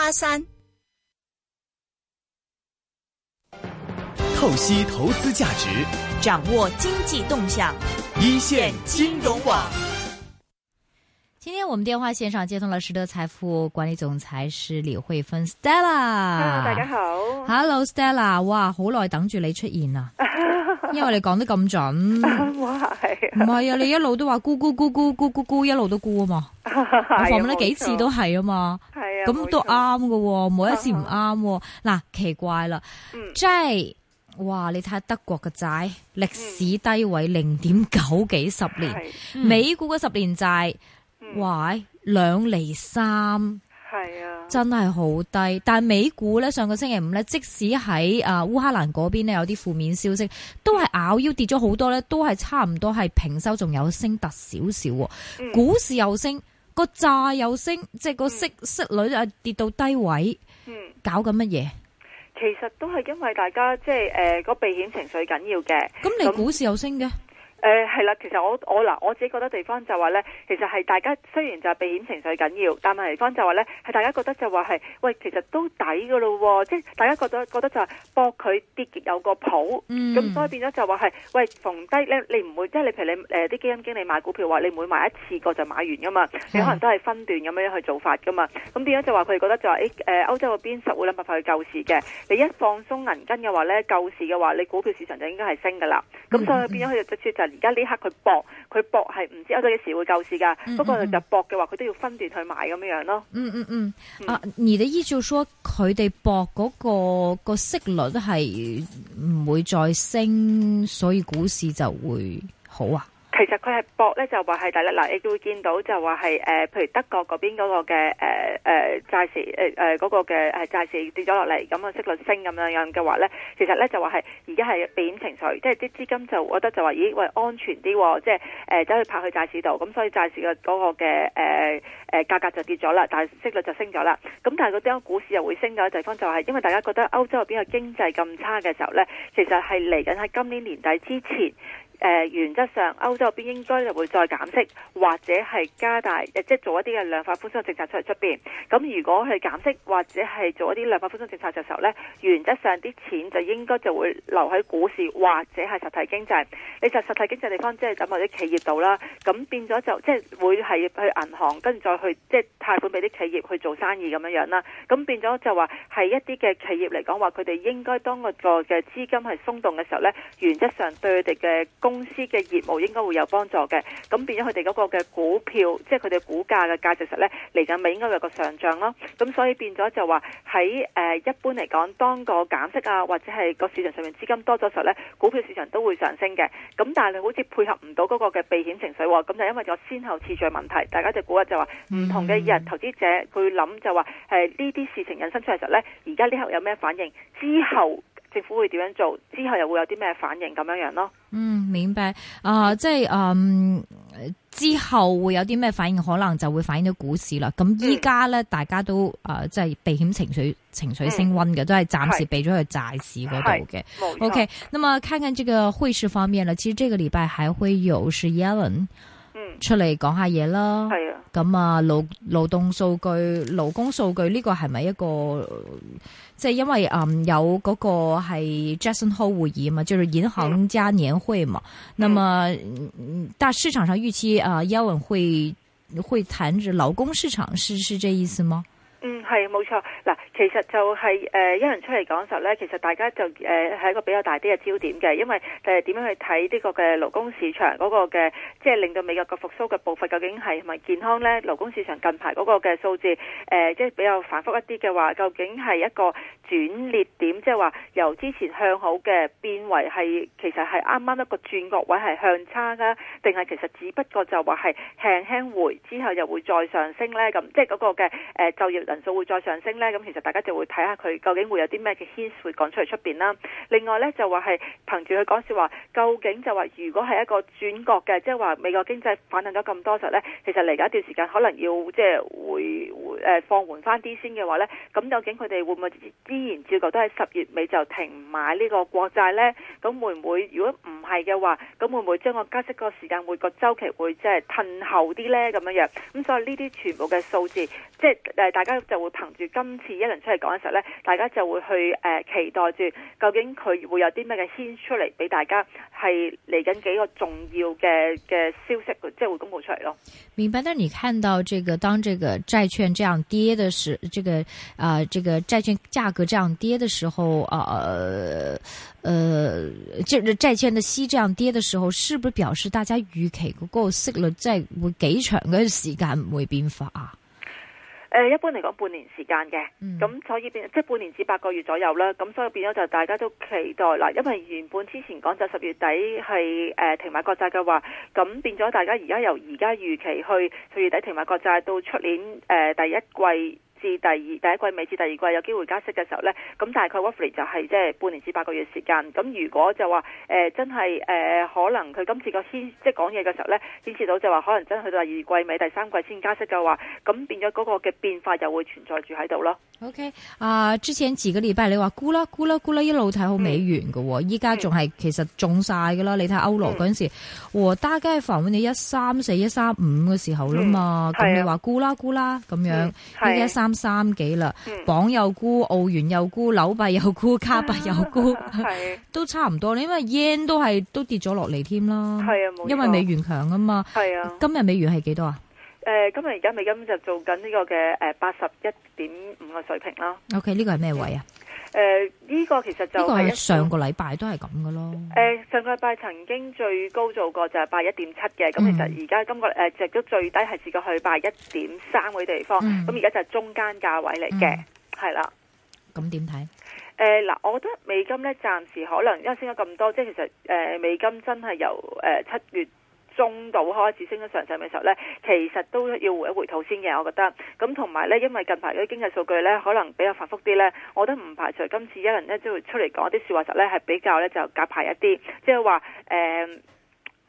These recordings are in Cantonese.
八三，透析投資價值，掌握經濟動向，一線金融網。今天我們電話線上接通了，實德財富管理總裁是李慧芬，Stella。大家好，Hello Stella，哇，好耐等住你出現啊！因為你講得咁準，哇，係，唔係啊？你一路都話咕咕咕，咕咕咕咕咕咕咕，一路都咕啊嘛， 哎、呀我訪問咗幾次都係啊嘛。哎 咁都啱嘅，錯每一次唔啱。嗱呵、啊，奇怪啦，即係、嗯，J，哇，你睇下德國嘅債歷史低位零點九幾十年，嗯、美股嘅十年債，喂、嗯，兩厘三，係啊，真係好低。但係美股咧，上個星期五咧，即使喺啊烏克蘭嗰邊咧有啲負面消息，嗯、都係咬腰跌咗好多咧，都係差唔多係平收，仲有升突少少，嗯、股市又升。個債又升，即係個息息率啊，跌到低位，嗯，搞緊乜嘢？其實都係因為大家即係誒個避險情緒緊要嘅。咁你股市又升嘅？誒，係啦、呃，其實我我嗱，我自己覺得地方就話咧，其實係大家雖然就係避險情緒緊要，但係方就話咧，係大家覺得就話係，喂，其實都抵噶咯，即、就、係、是、大家覺得覺得就係搏佢跌有個譜，咁、嗯、所以變咗就話係，喂，逢低咧你唔會，即、就、係、是、你譬如你誒啲、呃、基金經理買股票話，你唔會買一次過就買完噶嘛，你、嗯、可能都係分段咁樣去做法噶嘛，咁變咗就話佢哋覺得就話誒，誒、欸、歐、呃、洲嗰邊實會諗辦法去救市嘅，你一放鬆銀根嘅話咧，救市嘅話，你股票市場就應該係升噶啦，咁所以變咗佢嘅措施就是。嗯就是而家呢刻佢搏，佢搏係唔知歐洲幾時會救市㗎。不過就搏嘅話，佢都要分段去買咁樣樣咯。嗯嗯嗯。啊，你的依照說佢哋搏嗰個、嗰個息率係唔會再升，所以股市就會好啊？其實佢係搏咧，就話係，第一。嗱，你會見到就話係，誒，譬如德國嗰邊嗰個嘅，誒誒債市，誒、呃、誒、呃那個嘅，債市跌咗落嚟，咁啊息率升咁樣樣嘅話咧，其實咧就話係而家係避險情緒，即係啲資金就，覺得就話，咦，喂，安全啲、哦，即係誒走去拋去債市度，咁所以債市嘅嗰個嘅，誒誒價格就跌咗啦，但係息率就升咗啦。咁但係嗰啲，股市又會升咗嘅地方就係，因為大家覺得歐洲邊個經濟咁差嘅時候咧，其實係嚟緊喺今年年底之前。呃、原則上，歐洲邊應該就會再減息，或者係加大，即、就、係、是、做一啲嘅量化寬鬆政策出嚟。出邊。咁如果係減息或者係做一啲量化寬鬆政策嘅時候呢，原則上啲錢就應該就會留喺股市，或者係實體經濟。你就實體經濟的地方，即係咁或者企業度啦。咁變咗就即係、就是、會係去銀行，跟住再去即係、就是、貸款俾啲企業去做生意咁樣樣啦。咁變咗就話係一啲嘅企業嚟講話，佢哋應該當個個嘅資金係鬆動嘅時候呢，原則上對佢哋嘅。公司嘅業務應該會有幫助嘅，咁變咗佢哋嗰個嘅股票，即係佢哋股價嘅價值實咧，嚟緊，咪應該有個上漲咯。咁所以變咗就話喺誒，一般嚟講當個減息啊，或者係個市場上面資金多咗時候咧，股票市場都會上升嘅。咁但係你好似配合唔到嗰個嘅避險情緒，咁就因為咗先後次序問題，大家就估啊，就話唔同嘅日投資者佢諗就話誒呢啲事情引申出嚟時候咧，而家呢刻有咩反應之後。政府會點樣做？之後又會有啲咩反應咁樣樣咯？嗯，明白。啊、呃，即係嗯、呃、之後會有啲咩反應？可能就會反映到股市啦。咁依家咧，嗯、大家都啊即係避險情緒情緒升溫嘅，嗯、都係暫時避咗是去債市嗰度嘅。OK，那麼看看這個匯市方面呢，其實這個禮拜還會有是 Yellen。出嚟講下嘢啦，咁啊勞勞動數據、勞工數據呢、這個係咪一個？即、呃、係因為啊、呃、有個係 Jackson Hole 會議嘛，就是銀行家年會嘛。嗯、那麼但市場上預期啊，Yellen、呃、會會談住勞工市場，是是這意思嗎？嗯嗯，係冇錯嗱，其實就係誒一人出嚟講時候呢，其實大家就誒係、呃、一個比較大啲嘅焦點嘅，因為誒點、呃、樣去睇呢個嘅勞工市場嗰個嘅，即、就、係、是、令到美國個復甦嘅步伐究竟係咪健康呢？勞工市場近排嗰個嘅數字誒、即、呃、係、就是、比較反復一啲嘅話，究竟係一個轉捩點，即係話由之前向好嘅變為係其實係啱啱一個轉角位係向差噶，定係其實只不過就話係輕輕回之後又會再上升呢？咁即係嗰個嘅誒、呃、就業。人數會再上升呢？咁其實大家就會睇下佢究竟會有啲咩嘅 hint 會講出嚟出面啦。另外呢，就話係憑住佢講笑話，究竟就話如果係一個轉角嘅，即係話美國經濟反彈咗咁多時呢，其實嚟緊一段時間可能要即係會放緩翻啲先嘅話呢。咁究竟佢哋會唔會依然照舊都係十月尾就停買呢個國債呢？咁會唔會如果唔係嘅話，咁會唔會將個加息個時間每個週期會即係褪後啲呢？咁樣樣？咁所以呢啲全部嘅數字，即係大家。就會憑住今次一輪出嚟講嘅時候咧，大家就會去誒、呃、期待住，究竟佢會有啲咩嘅牽出嚟俾大家，係嚟緊幾個重要嘅嘅消息，即係會公布出嚟咯。明白，但係你看到這個當這個債券這樣跌的時候，這個啊、呃，這個債券價格這樣跌的時候啊，呃，就、呃、債券的息這樣跌的時候，是不是表示大家預期嗰個息率即係會幾長嘅時間唔會變化啊？誒、呃，一般嚟講半年時間嘅，咁所以變即係半年至八個月左右啦。咁所以變咗就大家都期待啦，因為原本之前講就十月底係誒、呃、停買國債嘅話，咁變咗大家而家由而家預期去十月底停買國債到出年誒、呃、第一季。至第二第一季尾至第二季有機會加息嘅時候咧，咁大概 w a r f l e 就係即係半年至八個月時間。咁如果就話誒、呃、真係誒、呃、可能佢今次個先，即係講嘢嘅時候咧，牽涉到就話可能真係去到第二季尾、第三季先加息嘅話，咁變咗嗰個嘅變化又會存在住喺度咯。OK，啊、uh，之前前個禮拜你話估啦估啦估啦，一路睇好美元嘅，依家仲係其實中晒嘅啦。你睇歐羅嗰陣時，大家防碗你一三四一三五嘅時候啦、嗯哦、嘛。咁、嗯啊、你話估啦估啦咁樣一三。嗯三幾啦，磅又沽，澳元又沽，紐幣又沽，加幣又沽、啊，都差唔多。你因為 yen 都係都跌咗落嚟添啦，係啊，冇錯，因為美元強啊嘛。係啊的、呃，今日美元係幾多啊？誒，今日而家咪根本就做緊呢個嘅誒八十一點五嘅水平啦。OK，呢個係咩位啊？嗯誒，呢、呃，這個其實就係、個上個禮拜都係咁嘅咯、嗯。誒、嗯嗯，上個禮拜曾經最高做過就係八一點七嘅，咁其實而家今個誒、呃，值都最低係自個去八一點三嗰地方，咁而家就係中間價位嚟嘅，係啦、嗯嗯。咁點睇？誒的，嗱、嗯、呃，我覺得美金咧，暫時可能因為升咗咁多，即係其實誒、呃，美金真係由誒、呃、七月。中度開始升咗上上嘅時候呢，其實都要回一回頭先嘅，我覺得。咁同埋呢，因為近排啲經濟數據呢，可能比較發福啲呢，我都唔排除今次有人呢都會出嚟講一啲説話，實呢，係比較呢，就鷹派一啲，即係話誒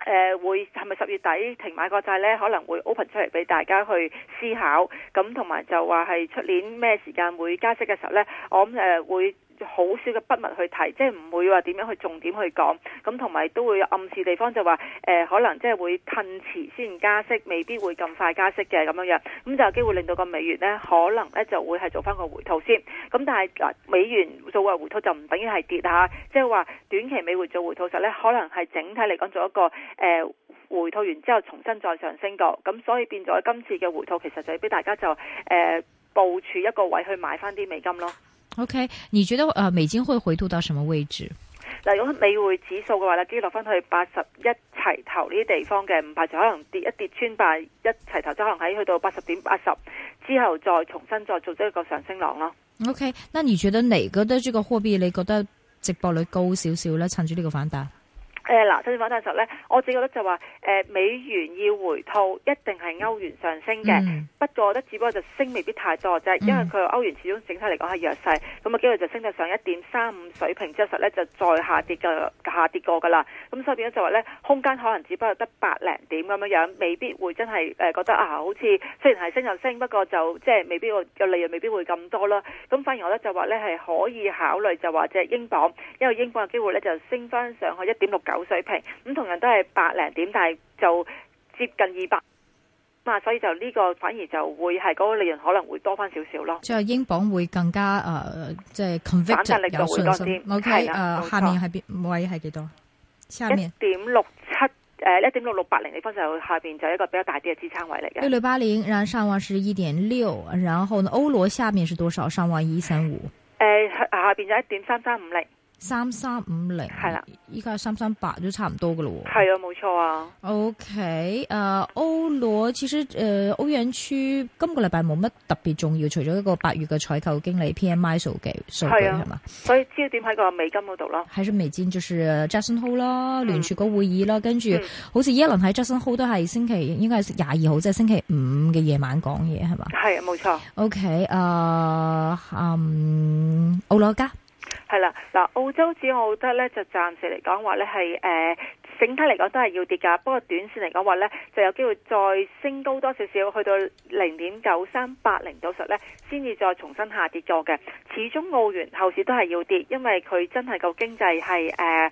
誒會係咪十月底停買國債呢，可能會 open 出嚟俾大家去思考。咁同埋就話係出年咩時間會加息嘅時候呢，我諗、呃、會。好少嘅筆墨去提，即係唔會話點樣去重點去講，咁同埋都會有暗示地方就話、呃，可能即係會褪遲先加息，未必會咁快加息嘅咁樣樣，咁就有機會令到個美元呢，可能呢就會係做翻個回吐先。咁但係美元做個回吐就唔等於係跌下，即係話短期美匯做回吐時候呢，可能係整體嚟講做一個、呃、回吐完之後重新再上升嘅，咁所以變咗今次嘅回吐其實就係俾大家就誒部署、呃、一個位去買翻啲美金咯。OK，你覺得啊，美金會回吐到什麼位置？嗱，如果美匯指數嘅話咧，跌落返去八十一齊頭呢啲地方嘅，五百就可能跌一跌穿八一齊頭，就可能喺去到八十點八十之後再重新再做咗一個上升浪咯。OK，那你覺得哪個得呢個貨幣你覺得值博率高少少咧？趁住呢個反彈？誒嗱，呃、反彈時候咧，我自己覺得就話誒、呃、美元要回吐，一定係歐元上升嘅。嗯、不過，我覺得只不過就升未必太多啫，嗯、因為佢歐元始終整體嚟講係弱勢，咁啊機會就升得上一點三五水平之後，實咧就再下跌嘅下跌過噶啦。咁所以變咗就話咧，空間可能只不過得百零點咁樣樣，未必會真係誒覺得啊，好似雖然係升就升，不過就即係未必個個利潤未必會咁多啦。咁反而我咧就話咧係可以考慮就話隻英鎊，因為英鎊嘅機會咧就升返上去一點六九。冇水平，咁同樣都係百零點，但係就接近二百啊，所以就呢個反而就會係嗰個利潤可能會多翻少少咯。即係英鎊會更加誒，即係 convinced 有信心。OK，誒、呃呃，下面係邊位係幾多？一點六七誒，一點六六八零分方下邊就一個比較大啲嘅支撐位嚟嘅。六六八零，然後上萬是一點六，然後呢，歐羅下面是多少？上萬一三五。誒，下邊就一點三三五零。三三五零，係啦的，依家三三八都差唔多噶咯，係啊，冇錯啊。O K，誒，歐羅其實誒，歐、呃、歐元區今個禮拜冇乜特別重要，除咗一個八月嘅採購經理 P M I 數據，數的據係嘛？是所以焦點喺個美金嗰度咯，喺美尖就是 Jackson Hole 啦，聯儲局會議啦，跟住好似依一輪喺 Jackson Hole 都係星期，應該係廿二號，即係星期五嘅夜晚講嘢，係嘛？係，冇錯。O K，誒，嗯，歐羅加。係啦，嗱，澳洲指我覺得呢就暫時嚟講話呢係，誒整體嚟講都係要跌㗎。不過短線嚟講話呢，就有機會再升高多少少，去到零點九三八零九十呢，先至再重新下跌咗嘅。始終澳元後市都係要跌，因為佢真係個經濟係誒。呃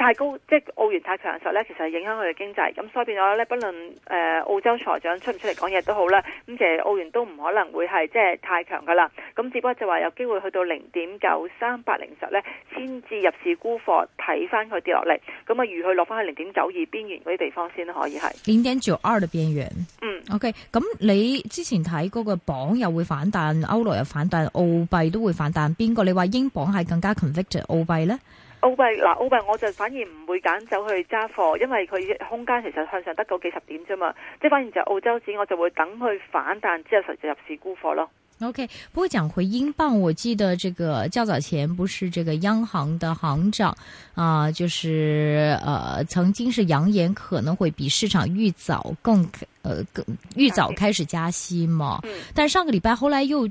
太高即澳元太強實咧，其實影響佢嘅經濟。咁所以變咗咧，不論、呃、澳洲財長出唔出嚟講嘢都好啦，咁其實澳元都唔可能會係即係太強噶啦。咁只不過就話有機會去到零點九三八零十咧，先至入市沽貨睇翻佢跌落嚟。咁啊，如佢落翻去零點九二邊緣嗰啲地方先可以係。零點九二邊緣嗯。O K。咁你之前睇嗰個榜又會反彈歐羅又反彈，澳幣都會反彈，邊個你話英鎊係更加 convicted 澳幣咧？澳幣嗱，澳幣我就反而唔會揀走去揸貨，因為佢空間其實向上得嗰幾十點啫嘛，即係反而就澳洲紙，我就會等佢反彈之後實入市沽貨咯。OK，不過講回英鎊，我記得這個較早前不是這個央行的行長啊、呃，就是呃曾經是揚言可能會比市場預早更，呃更預早開始加息嘛，但，是嗯、但上個禮拜後來又。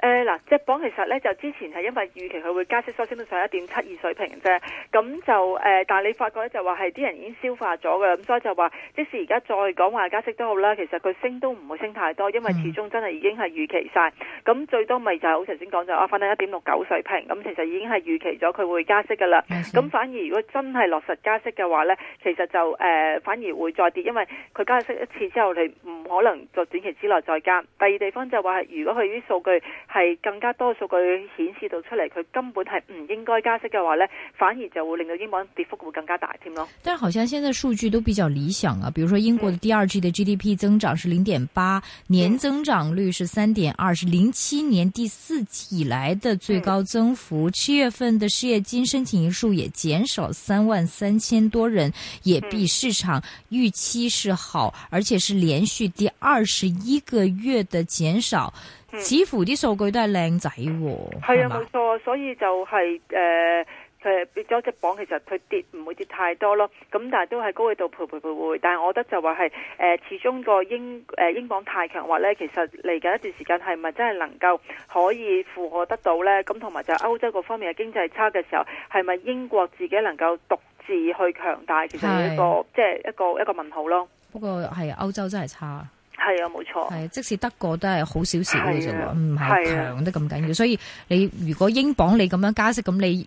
誒嗱，隻、呃、磅其實咧就之前係因為預期佢會加息收升到上一點七二水平啫，咁就誒、呃，但係你發覺咧就話係啲人已經消化咗嘅，咁所以就話即使而家再講話加息都好啦，其實佢升都唔會升太多，因為始終真係已經係預期晒，咁、嗯、最多咪就係、是、好頭先講就啊返到一點六九水平，咁其實已經係預期咗佢會加息噶啦，咁、嗯、反而如果真係落實加息嘅話咧，其實就誒、呃、反而會再跌，因為佢加息一次之後你唔可能在短期之內再加。第二地方就話係如果佢啲數據。係更加多數據顯示到出嚟，佢根本係唔應該加息嘅話呢，反而就會令到英鎊跌幅會更加大添咯。但係好像現在數據都比較理想啊，比如說英國的第二季的 GDP 增長是零點八，年增長率是三點二，是零七年第四季以來的最高增幅。七、嗯、月份的失業金申請人數也減少三萬三千多人，也比市場預期是好，而且是連續第二十一個月的減少。似乎啲數據都係靚仔，係、嗯、啊，冇錯，所以就係誒誒，跌咗隻鎊，其實佢跌唔會跌太多咯。咁但係都喺高位度徘徊徘徊。但係我覺得就話係誒，始終個英誒、呃、英鎊太強，或咧，其實嚟緊一段時間係咪真係能夠可以負荷得到咧？咁同埋就歐洲嗰方面嘅經濟差嘅時候，係咪英國自己能夠獨自去強大？其實係一個即係一個一個問號咯。不過係歐洲真係差。係啊，冇錯。係即使得個都係好少少嘅啫，唔係強得咁緊要。的所以你如果英鎊你咁樣加息，咁你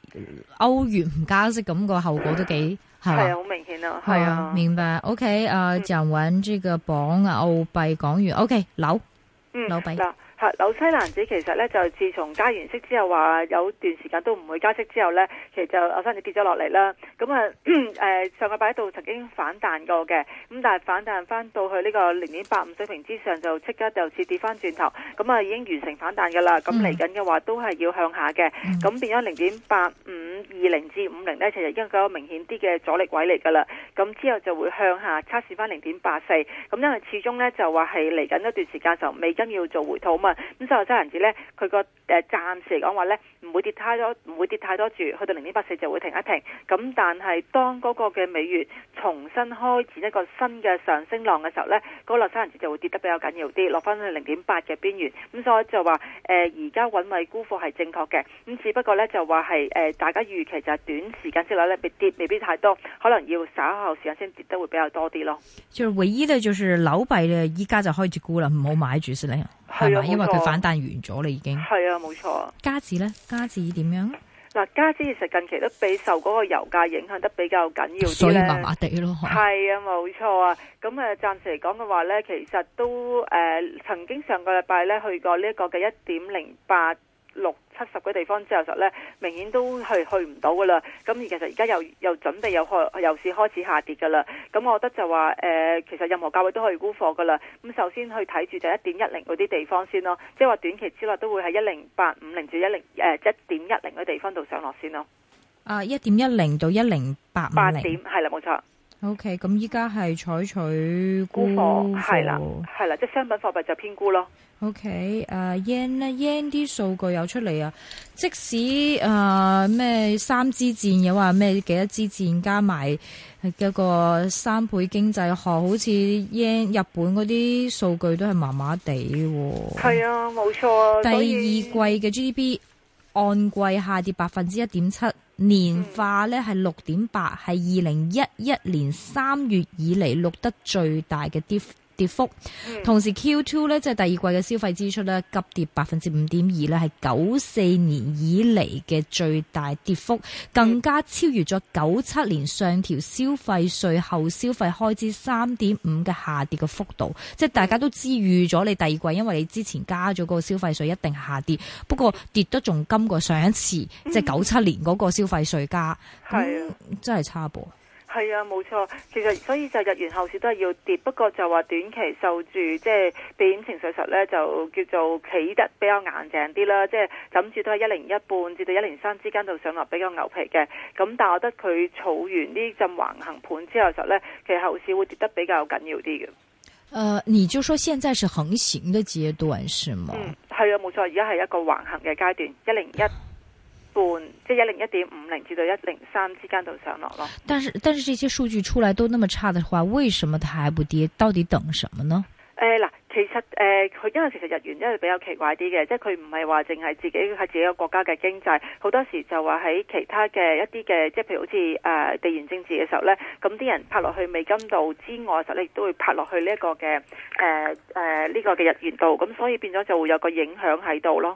歐元唔加息，咁個後果都幾係嘛？係啊、嗯，好的明顯啊。係啊的的，明白。OK，誒、uh, 嗯，就搵住個鎊啊、澳幣、港元。OK，樓，樓幣。嗯比啊、紐西蘭紙其實咧就自從加完息之後，話有段時間都唔會加息之後呢，其實就紐西蘭紙跌咗落嚟啦。咁啊、呃，上個禮拜度曾經反彈過嘅，咁但係反彈翻到去呢個零點八五水平之上，就即刻就是跌翻轉頭。咁啊已經完成反彈㗎啦。咁嚟緊嘅話都係要向下嘅。咁變咗零點八五二零至五零呢，其實已經有個明顯啲嘅阻力位嚟㗎啦。咁之後就會向下測試翻零點八四。咁因為始終呢，就話係嚟緊一段時間就美金要做回吐嘛。咁所以，渣銀紙咧，佢個誒暫時嚟講話咧，唔會跌太多，唔會跌太多住，去到零點八四就會停一停。咁但係當嗰個嘅美元重新開始一個新嘅上升浪嘅時候咧，嗰個垃圾銀紙就會跌得比較緊要啲，落翻去零點八嘅邊緣。咁所以就話誒，而家穩位沽貨係正確嘅。咁只不過咧就話係誒，大家預期就係短時間之內咧，別跌未必太多，可能要稍後時間先跌得會比較多啲咯。就唯一咧，就係紐幣咧，依家就開始沽啦，唔好買住先啦。 係咪？因為佢反彈完咗啦，你已經係啊，冇錯。加字咧，加字點樣？嗱，加字其實近期都被受嗰個油價影響得比較緊要啲，所以麻麻地咯。係啊，冇錯啊。咁啊，暫時嚟講嘅話咧，其實都誒、呃，曾經上個禮拜咧去過呢一個嘅一點零八。六七十個地方之後實咧，明顯都係去唔到噶啦。咁而其實而家又又準備又開，又是開始下跌噶啦。咁我覺得就話誒、呃，其實任何價位都可以沽貨噶啦。咁首先去睇住，就一點一零嗰啲地方先咯，即係話短期之內都會喺一零八五零至一零誒一點一零嘅地方度上落先咯。啊，一點一零到一零八八零點係啦，冇錯。O K，咁依家係採取沽貨係啦，係啦，即係商品貨幣就偏沽咯。O K，誒 yen 呢 yen 啲數據有出嚟啊！即使誒咩、uh, 三支箭又話咩幾多支箭加埋一個三倍經濟學，好似 yen 日本嗰啲數據都係麻麻地喎。係啊，冇錯啊，第二季嘅 G D P 按季下跌百分之一點七，年化咧係六點八，係二零一一年三月以嚟錄得最大嘅跌幅。跌幅，同時 Q2 咧即係第二季嘅消費支出咧，急跌百分之五點二咧，係九四年以嚟嘅最大跌幅，更加超越咗九七年上調消費稅後消費開支三點五嘅下跌嘅幅度，即係大家都知預咗你第二季，因為你之前加咗嗰個消費稅一定下跌，不過跌得仲今過上一次，即係九七年嗰個消費稅加，咁真係差噃。係啊，冇錯。其實所以就日元後市都係要跌，不過就話短期受住即係避險情緒實咧，就叫做企得比較硬淨啲啦。即係枕住都係一零一半至到一零三之間就上落比較牛皮嘅。咁但係我覺得佢儲完呢陣橫行盤之後實咧，其實後市會跌得比較緊要啲嘅。誒、呃，你就說現在是橫行嘅階段是嗎？嗯，係啊，冇錯。而家係一個橫行嘅階段，一零一。半即係一零一點五零至到一零三之間度上落咯。但是，但是這些數據出來都那麼差的話，為什麼它還不跌？到底等什麼呢？誒嗱、呃，其實誒，佢、呃、因為其實日元因為比較奇怪啲嘅，即係佢唔係話淨係自己係自己個國家嘅經濟，好多時就話喺其他嘅一啲嘅，即係譬如好似誒、呃、地緣政治嘅時候呢。咁啲人拍落去美金度之外，實咧亦都會拍落去呢一個嘅誒誒呢個嘅日元度，咁所以變咗就會有個影響喺度咯。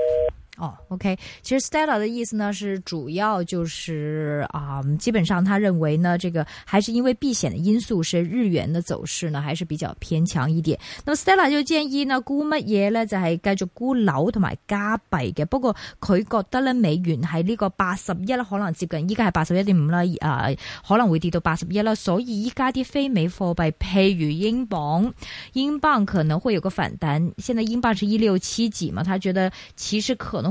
哦、oh，OK，其實 Stella 的意思呢是主要就是啊，基本上他認為呢，這個還是因為避險的因素，是日元的走勢呢還是比較偏強一點。那麼 Stella 就建議呢沽乜嘢呢？就係繼續沽樓同埋加幣嘅。不過佢覺得呢，美元喺呢個八十一咧，可能接近依家係八十一點五啦，啊，可能會跌到八十一啦。所以依家啲非美貨幣，譬如英鎊，英鎊可能會有個反彈。現在英鎊是一六七幾嘛，他覺得其實可能，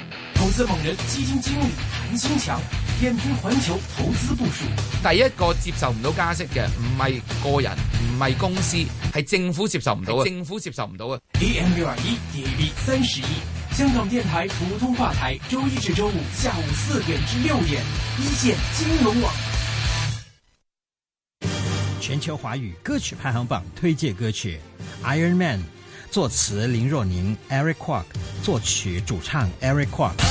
猛人基金經理譚新強，點評環球投資部署。第一個接受唔到加息嘅，唔係個人，唔係公司，係政府接受唔到啊！政府接受唔到啊！AM 六二一，DAB 三十一，香港電台普通話台，周一至周五下午四點至六點，一線金融網。全球華語歌曲排行榜推薦歌曲《Iron Man》，作詞林若寧，Eric Kwok，作曲主唱 Eric Kwok